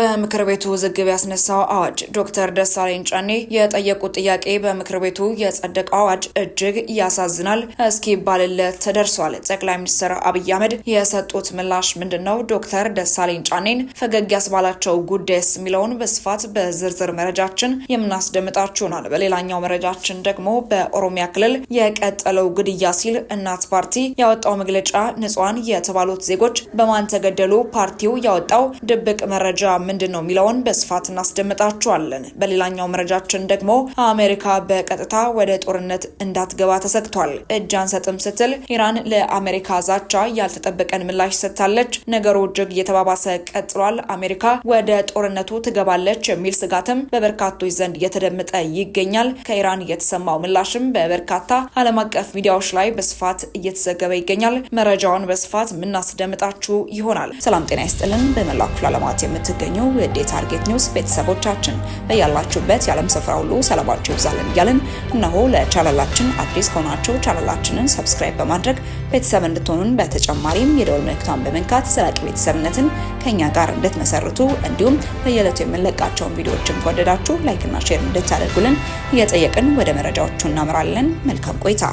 በምክር ቤቱ ውዝግብ ያስነሳው አዋጅ ዶክተር ደሳለኝ ጫኔ የጠየቁት ጥያቄ በምክር ቤቱ የጸደቀው አዋጅ እጅግ ያሳዝናል እስኪባልለት ተደርሷል። ጠቅላይ ሚኒስትር አብይ አህመድ የሰጡት ምላሽ ምንድን ነው? ዶክተር ደሳለኝ ጫኔን ፈገግ ያስባላቸው ጉዳይስ የሚለውን በስፋት በዝርዝር መረጃችን የምናስደምጣችሁናል። በሌላኛው መረጃችን ደግሞ በኦሮሚያ ክልል የቀጠለው ግድያ ሲል እናት ፓርቲ ያወጣው መግለጫ ንጹሃን የተባሉት ዜጎች በማን ተገደሉ? ፓርቲው ያወጣው ድብቅ መረጃ ምንድን ነው የሚለውን በስፋት እናስደምጣችኋለን። በሌላኛው መረጃችን ደግሞ አሜሪካ በቀጥታ ወደ ጦርነት እንዳትገባ ተሰግቷል። እጅ አንሰጥም ስትል ኢራን ለአሜሪካ ዛቻ ያልተጠበቀን ምላሽ ሰጥታለች። ነገሩ እጅግ እየተባባሰ ቀጥሏል። አሜሪካ ወደ ጦርነቱ ትገባለች የሚል ስጋትም በበርካቶች ዘንድ እየተደመጠ ይገኛል። ከኢራን የተሰማው ምላሽም በበርካታ ዓለም አቀፍ ሚዲያዎች ላይ በስፋት እየተዘገበ ይገኛል። መረጃውን በስፋት የምናስደምጣችሁ ይሆናል። ሰላም ጤና ይስጥልን። በመላው ክፍለ ዓለማት የምትገኙ የምትገኙ የዴ ታርጌት ኒውስ ቤተሰቦቻችን በያላችሁበት የዓለም ስፍራ ሁሉ ሰላማችሁ ይብዛልን እያልን እነሆ ለቻናላችን አዲስ ከሆናችሁ ቻናላችንን ሰብስክራይብ በማድረግ ቤተሰብ እንድትሆኑን በተጨማሪም የደወል ምልክቷን በመንካት ዘላቂ ቤተሰብነትን ከእኛ ጋር እንድትመሰርቱ እንዲሁም በየዕለቱ የምንለቃቸውን ቪዲዮዎችን ከወደዳችሁ ላይክና ሼር እንድታደርጉልን እየጠየቅን ወደ መረጃዎቹ እናምራለን። መልካም ቆይታ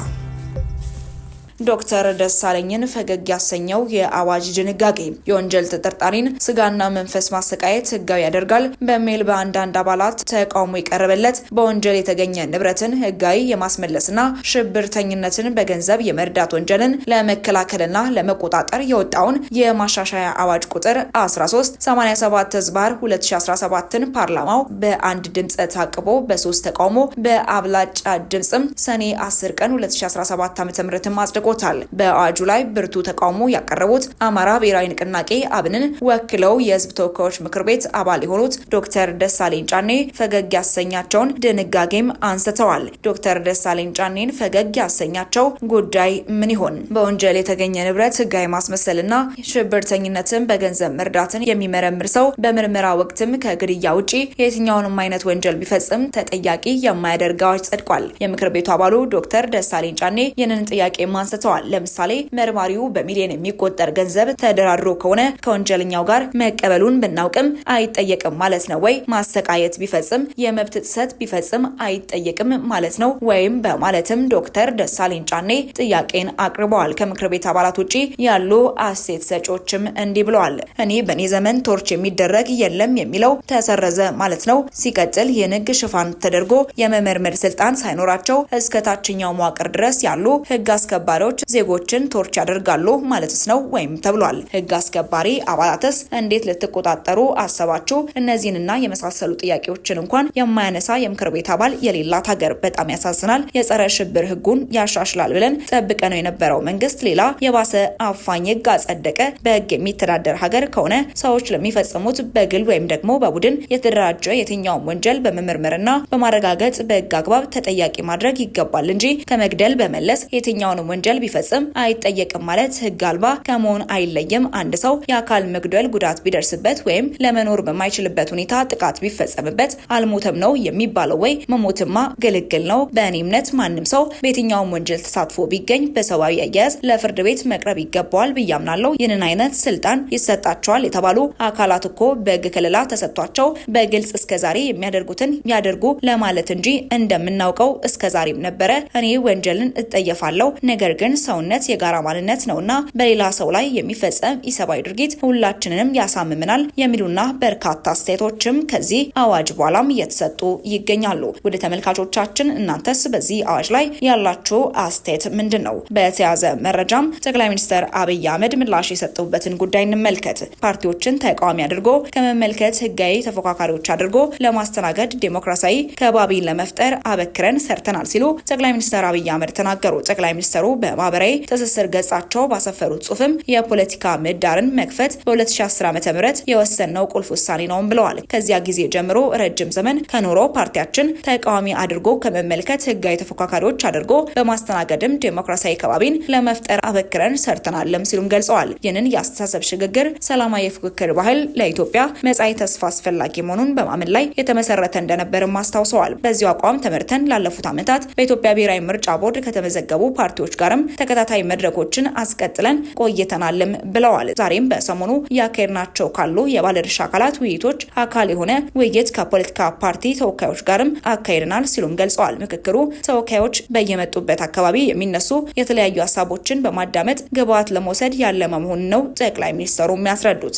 ዶክተር ደሳለኝን ፈገግ ያሰኘው የአዋጅ ድንጋጌ የወንጀል ተጠርጣሪን ስጋና መንፈስ ማሰቃየት ህጋዊ ያደርጋል በሚል በአንዳንድ አባላት ተቃውሞ የቀረበለት በወንጀል የተገኘ ንብረትን ህጋዊ የማስመለስና ሽብርተኝነትን በገንዘብ የመርዳት ወንጀልን ለመከላከልና ለመቆጣጠር የወጣውን የማሻሻያ አዋጅ ቁጥር 1387 ህዝባር 2017ን ፓርላማው በአንድ ድምፅ ታቅቦ በሶስት ተቃውሞ በአብላጫ ድምፅም ሰኔ 10 ቀን 2017 ዓ ም ማጽደቁ አድርጎታል። በአዋጁ ላይ ብርቱ ተቃውሞ ያቀረቡት አማራ ብሔራዊ ንቅናቄ አብንን ወክለው የህዝብ ተወካዮች ምክር ቤት አባል የሆኑት ዶክተር ደሳለኝ ጫኔ ፈገግ ያሰኛቸውን ድንጋጌም አንስተዋል። ዶክተር ደሳለኝ ጫኔን ፈገግ ያሰኛቸው ጉዳይ ምን ይሆን? በወንጀል የተገኘ ንብረት ህጋዊ ማስመሰልና ሽብርተኝነትን በገንዘብ መርዳትን የሚመረምር ሰው በምርመራ ወቅትም ከግድያ ውጪ የትኛውንም አይነት ወንጀል ቢፈጽም ተጠያቂ የማያደርግ አዋጅ ጸድቋል። የምክር ቤቱ አባሉ ዶክተር ደሳለኝ ጫኔ ይህንን ጥያቄ ማንሰ አንስተዋል። ለምሳሌ መርማሪው በሚሊዮን የሚቆጠር ገንዘብ ተደራድሮ ከሆነ ከወንጀለኛው ጋር መቀበሉን ብናውቅም አይጠየቅም ማለት ነው ወይ? ማሰቃየት ቢፈጽም የመብት ጥሰት ቢፈጽም አይጠየቅም ማለት ነው ወይም በማለትም ዶክተር ደሳለኝ ጫኔ ጥያቄን አቅርበዋል። ከምክር ቤት አባላት ውጪ ያሉ አስተያየት ሰጪዎችም እንዲህ ብለዋል። እኔ በእኔ ዘመን ቶርች የሚደረግ የለም የሚለው ተሰረዘ ማለት ነው። ሲቀጥል ይህን ህግ ሽፋን ተደርጎ የመመርመር ስልጣን ሳይኖራቸው እስከ ታችኛው መዋቅር ድረስ ያሉ ህግ አስከባሪዎች ተከታዮች ዜጎችን ቶርች ያደርጋሉ ማለትስ ነው ወይም ተብሏል። ህግ አስከባሪ አባላትስ እንዴት ልትቆጣጠሩ አሰባችሁ? እነዚህንና የመሳሰሉ ጥያቄዎችን እንኳን የማያነሳ የምክር ቤት አባል የሌላት ሀገር በጣም ያሳዝናል። የጸረ ሽብር ህጉን ያሻሽላል ብለን ጠብቀ ነው የነበረው መንግስት ሌላ የባሰ አፋኝ ህግ አጸደቀ። በህግ የሚተዳደር ሀገር ከሆነ ሰዎች ለሚፈጽሙት በግል ወይም ደግሞ በቡድን የተደራጀ የትኛውም ወንጀል በመመርመርና በማረጋገጥ በህግ አግባብ ተጠያቂ ማድረግ ይገባል እንጂ ከመግደል በመለስ የትኛውንም ወንጀል መግደል ቢፈጽም አይጠየቅም ማለት ህግ አልባ ከመሆን አይለይም። አንድ ሰው የአካል መግደል ጉዳት ቢደርስበት ወይም ለመኖር በማይችልበት ሁኔታ ጥቃት ቢፈጸምበት አልሞተም ነው የሚባለው ወይ? መሞትማ ግልግል ነው። በእኔ እምነት ማንም ሰው በየትኛውም ወንጀል ተሳትፎ ቢገኝ በሰብአዊ አያያዝ ለፍርድ ቤት መቅረብ ይገባዋል ብያምናለው። ይህንን አይነት ስልጣን ይሰጣቸዋል የተባሉ አካላት እኮ በህግ ክልላ ተሰጥቷቸው በግልጽ እስከዛሬ የሚያደርጉትን ያደርጉ ለማለት እንጂ እንደምናውቀው እስከዛሬም ነበረ እኔ ወንጀልን እጠየፋለሁ ነገር ግን የግልን ሰውነት የጋራ ማንነት ነውና በሌላ ሰው ላይ የሚፈጸም ኢሰብአዊ ድርጊት ሁላችንንም ያሳምምናል የሚሉና በርካታ አስተያየቶችም ከዚህ አዋጅ በኋላም እየተሰጡ ይገኛሉ። ወደ ተመልካቾቻችን እናንተስ በዚህ አዋጅ ላይ ያላችሁ አስተያየት ምንድን ነው? በተያዘ መረጃም ጠቅላይ ሚኒስትር አብይ አህመድ ምላሽ የሰጡበትን ጉዳይ እንመልከት። ፓርቲዎችን ተቃዋሚ አድርጎ ከመመልከት ህጋዊ ተፎካካሪዎች አድርጎ ለማስተናገድ ዴሞክራሲያዊ ከባቢ ለመፍጠር አበክረን ሰርተናል ሲሉ ጠቅላይ ሚኒስትር አብይ አህመድ ተናገሩ። ጠቅላይ ሚኒስትሩ በ ማህበራዊ ትስስር ገጻቸው ባሰፈሩት ጽሁፍም የፖለቲካ ምህዳርን መክፈት በ2010 ዓ.ም የወሰነው ቁልፍ ውሳኔ ነውም ብለዋል። ከዚያ ጊዜ ጀምሮ ረጅም ዘመን ከኖሮ ፓርቲያችን ተቃዋሚ አድርጎ ከመመልከት ህጋዊ ተፎካካሪዎች አድርጎ በማስተናገድም ዴሞክራሲያዊ ከባቢን ለመፍጠር አበክረን ሰርተናልም ሲሉም ገልጸዋል። ይህንን የአስተሳሰብ ሽግግር ሰላማዊ የፉክክር ባህል ለኢትዮጵያ መጻኢ ተስፋ አስፈላጊ መሆኑን በማመን ላይ የተመሰረተ እንደነበርም አስታውሰዋል። በዚሁ አቋም ተመርተን ላለፉት ዓመታት በኢትዮጵያ ብሔራዊ ምርጫ ቦርድ ከተመዘገቡ ፓርቲዎች ጋርም ለማስፈረም ተከታታይ መድረኮችን አስቀጥለን ቆይተናልም ብለዋል። ዛሬም በሰሞኑ ያካሄድናቸው ካሉ የባለድርሻ አካላት ውይይቶች አካል የሆነ ውይይት ከፖለቲካ ፓርቲ ተወካዮች ጋርም አካሄድናል ሲሉም ገልጸዋል። ምክክሩ ተወካዮች በየመጡበት አካባቢ የሚነሱ የተለያዩ ሀሳቦችን በማዳመጥ ግብዓት ለመውሰድ ያለመ መሆኑን ነው ጠቅላይ ሚኒስትሩ የሚያስረዱት።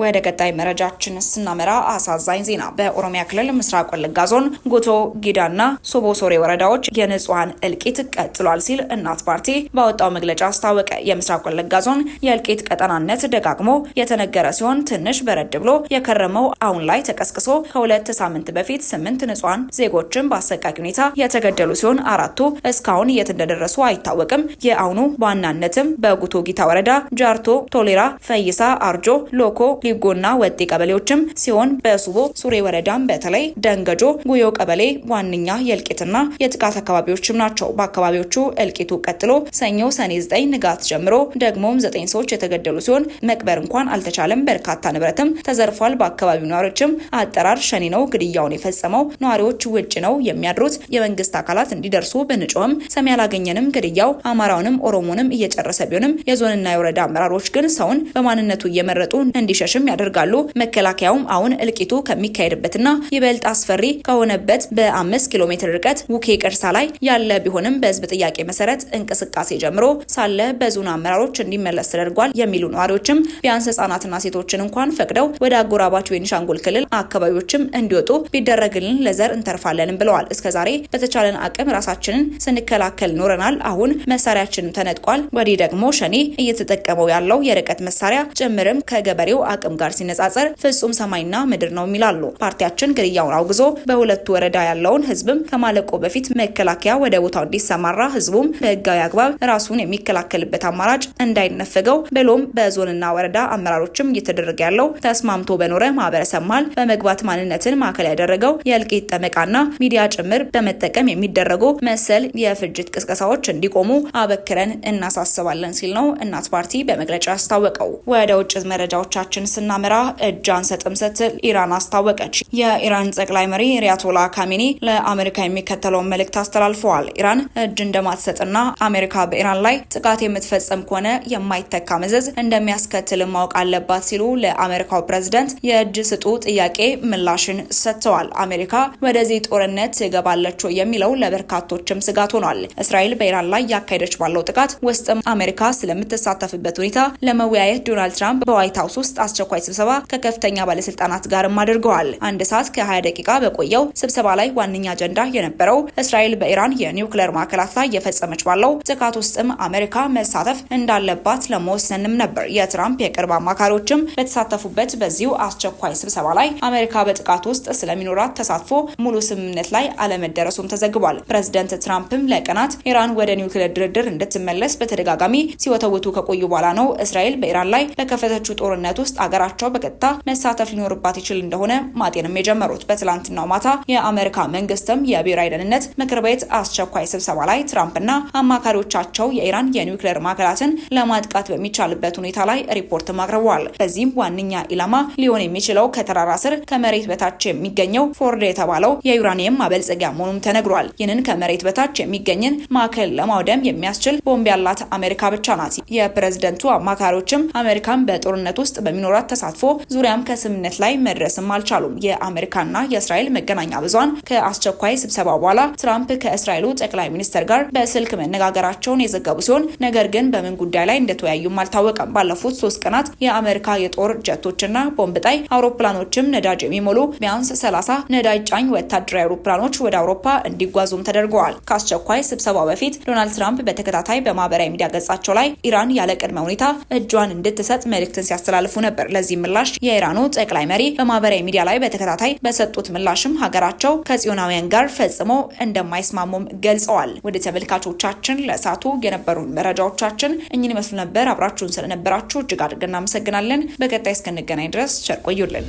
ወደ ቀጣይ መረጃችን ስናመራ አሳዛኝ ዜና በኦሮሚያ ክልል ምስራቅ ወለጋ ዞን ጉቶ ጊዳና ሶቦ ወረዳዎች የንጹሐን እልቂት ቀጥሏል ሲል እናት ፓርቲ ባወጣው መግለጫ አስታወቀ። የምስራቅ ወለጋ ዞን የእልቂት ቀጠናነት ደጋግሞ የተነገረ ሲሆን ትንሽ በረድ ብሎ የከረመው አሁን ላይ ተቀስቅሶ ከሁለት ሳምንት በፊት ስምንት ንጹሐን ዜጎችን በአሰቃቂ ሁኔታ የተገደሉ ሲሆን አራቱ እስካሁን የት እንደደረሱ አይታወቅም። የአሁኑ በዋናነትም በጉቶ ጊታ ወረዳ ጃርቶ ቶሌራ፣ ፈይሳ፣ አርጆ ሎኮ ሂጎና ወጤ ቀበሌዎችም ሲሆን በሱቦ ሱሬ ወረዳም በተለይ ደንገጆ ጉዮ ቀበሌ ዋነኛ የእልቂትና የጥቃት አካባቢዎችም ናቸው። በአካባቢዎቹ እልቂቱ ቀጥሎ ሰኞ ሰኔ 9 ንጋት ጀምሮ ደግሞም ዘጠኝ ሰዎች የተገደሉ ሲሆን መቅበር እንኳን አልተቻለም። በርካታ ንብረትም ተዘርፏል። በአካባቢው ነዋሪዎችም አጠራር ሸኔ ነው ግድያውን የፈጸመው፣ ነዋሪዎች ውጭ ነው የሚያድሩት፣ የመንግስት አካላት እንዲደርሱ ብንጮህም ሰሚ አላገኘንም። ግድያው አማራውንም ኦሮሞንም እየጨረሰ ቢሆንም የዞንና የወረዳ አመራሮች ግን ሰውን በማንነቱ እየመረጡ እንዲሸሽ ቅስቀሳዎችም ያደርጋሉ። መከላከያውም አሁን እልቂቱ ከሚካሄድበትና ይበልጥ አስፈሪ ከሆነበት በአምስት ኪሎ ሜትር ርቀት ውኬ ቅርሳ ላይ ያለ ቢሆንም በህዝብ ጥያቄ መሰረት እንቅስቃሴ ጀምሮ ሳለ በዞን አመራሮች እንዲመለስ ተደርጓል የሚሉ ነዋሪዎችም ቢያንስ ህጻናትና ሴቶችን እንኳን ፈቅደው ወደ አጎራባች ቤኒሻንጉል ክልል አካባቢዎችም እንዲወጡ ቢደረግልን ለዘር እንተርፋለንም ብለዋል። እስከዛሬ በተቻለን አቅም ራሳችንን ስንከላከል ኖረናል። አሁን መሳሪያችንም ተነጥቋል። ወዲህ ደግሞ ሸኔ እየተጠቀመው ያለው የርቀት መሳሪያ ጭምርም ከገበሬው አቅም አቅም ጋር ሲነጻጸር ፍጹም ሰማይና ምድር ነው የሚላሉ። ፓርቲያችን ግድያውን አውግዞ በሁለቱ ወረዳ ያለውን ህዝብም ከማለቆ በፊት መከላከያ ወደ ቦታው እንዲሰማራ፣ ህዝቡም በህጋዊ አግባብ ራሱን የሚከላከልበት አማራጭ እንዳይነፈገው ብሎም በዞንና ወረዳ አመራሮችም እየተደረገ ያለው ተስማምቶ በኖረ ማህበረሰብ ማል በመግባት ማንነትን ማዕከል ያደረገው የእልቂት ጠመቃና ሚዲያ ጭምር በመጠቀም የሚደረጉ መሰል የፍጅት ቅስቀሳዎች እንዲቆሙ አበክረን እናሳስባለን ሲል ነው እናት ፓርቲ በመግለጫ ያስታወቀው። ወደ ውጭ መረጃዎቻችን ወደፊታችን ስናመራ እጅ አንሰጥም ስትል ኢራን አስታወቀች። የኢራን ጠቅላይ መሪ ሪያቶላ ካሚኒ ለአሜሪካ የሚከተለውን መልእክት አስተላልፈዋል። ኢራን እጅ እንደማትሰጥና አሜሪካ በኢራን ላይ ጥቃት የምትፈጸም ከሆነ የማይተካ መዘዝ እንደሚያስከትል ማወቅ አለባት ሲሉ ለአሜሪካው ፕሬዝደንት የእጅ ስጡ ጥያቄ ምላሽን ሰጥተዋል። አሜሪካ ወደዚህ ጦርነት ትገባለች የሚለው ለበርካቶችም ስጋት ሆኗል። እስራኤል በኢራን ላይ ያካሄደች ባለው ጥቃት ውስጥም አሜሪካ ስለምትሳተፍበት ሁኔታ ለመወያየት ዶናልድ ትራምፕ በዋይት ሀውስ ውስጥ አስቸኳይ ስብሰባ ከከፍተኛ ባለስልጣናት ጋርም አድርገዋል። አንድ ሰዓት ከ20 ደቂቃ በቆየው ስብሰባ ላይ ዋነኛ አጀንዳ የነበረው እስራኤል በኢራን የኒውክሌር ማዕከላት ላይ የፈጸመች ባለው ጥቃት ውስጥም አሜሪካ መሳተፍ እንዳለባት ለመወሰንም ነበር። የትራምፕ የቅርብ አማካሪዎችም በተሳተፉበት በዚሁ አስቸኳይ ስብሰባ ላይ አሜሪካ በጥቃት ውስጥ ስለሚኖራት ተሳትፎ ሙሉ ስምምነት ላይ አለመደረሱም ተዘግቧል። ፕሬዚደንት ትራምፕም ለቀናት ኢራን ወደ ኒውክሌር ድርድር እንድትመለስ በተደጋጋሚ ሲወተውቱ ከቆዩ በኋላ ነው እስራኤል በኢራን ላይ በከፈተችው ጦርነት ውስጥ ሀገራቸው በቀጥታ መሳተፍ ሊኖርባት ይችል እንደሆነ ማጤንም የጀመሩት በትላንትናው ማታ የአሜሪካ መንግስትም የብሔራዊ ደህንነት ምክር ቤት አስቸኳይ ስብሰባ ላይ ትራምፕና አማካሪዎቻቸው የኢራን የኒውክሌር ማዕከላትን ለማጥቃት በሚቻልበት ሁኔታ ላይ ሪፖርትም አቅርበዋል። በዚህም ዋነኛ ኢላማ ሊሆን የሚችለው ከተራራ ስር ከመሬት በታች የሚገኘው ፎርዶ የተባለው የዩራኒየም ማበልጸጊያ መሆኑም ተነግሯል። ይህንን ከመሬት በታች የሚገኝን ማዕከል ለማውደም የሚያስችል ቦምብ ያላት አሜሪካ ብቻ ናት። የፕሬዝደንቱ አማካሪዎችም አሜሪካን በጦርነት ውስጥ በሚኖረ ሀገራት ተሳትፎ ዙሪያም ከስምምነት ላይ መድረስም አልቻሉም። የአሜሪካና የእስራኤል መገናኛ ብዙን ከአስቸኳይ ስብሰባ በኋላ ትራምፕ ከእስራኤሉ ጠቅላይ ሚኒስትር ጋር በስልክ መነጋገራቸውን የዘገቡ ሲሆን ነገር ግን በምን ጉዳይ ላይ እንደተወያዩም አልታወቀም። ባለፉት ሶስት ቀናት የአሜሪካ የጦር ጀቶችና ቦምብ ጣይ አውሮፕላኖችም ነዳጅ የሚሞሉ ቢያንስ ሰላሳ ነዳጅ ጫኝ ወታደራዊ አውሮፕላኖች ወደ አውሮፓ እንዲጓዙም ተደርገዋል። ከአስቸኳይ ስብሰባው በፊት ዶናልድ ትራምፕ በተከታታይ በማህበራዊ ሚዲያ ገጻቸው ላይ ኢራን ያለ ቅድመ ሁኔታ እጇን እንድትሰጥ መልእክትን ሲያስተላልፉ ነበር። ለዚህ ምላሽ የኢራኑ ጠቅላይ መሪ በማህበራዊ ሚዲያ ላይ በተከታታይ በሰጡት ምላሽም ሀገራቸው ከጽዮናውያን ጋር ፈጽሞ እንደማይስማሙም ገልጸዋል። ወደ ተመልካቾቻችን ለእሳቱ የነበሩ መረጃዎቻችን እኝን ይመስሉ ነበር። አብራችሁን ስለነበራችሁ እጅግ አድርገን እናመሰግናለን። በቀጣይ እስክንገናኝ ድረስ ቸር ቆዩልን።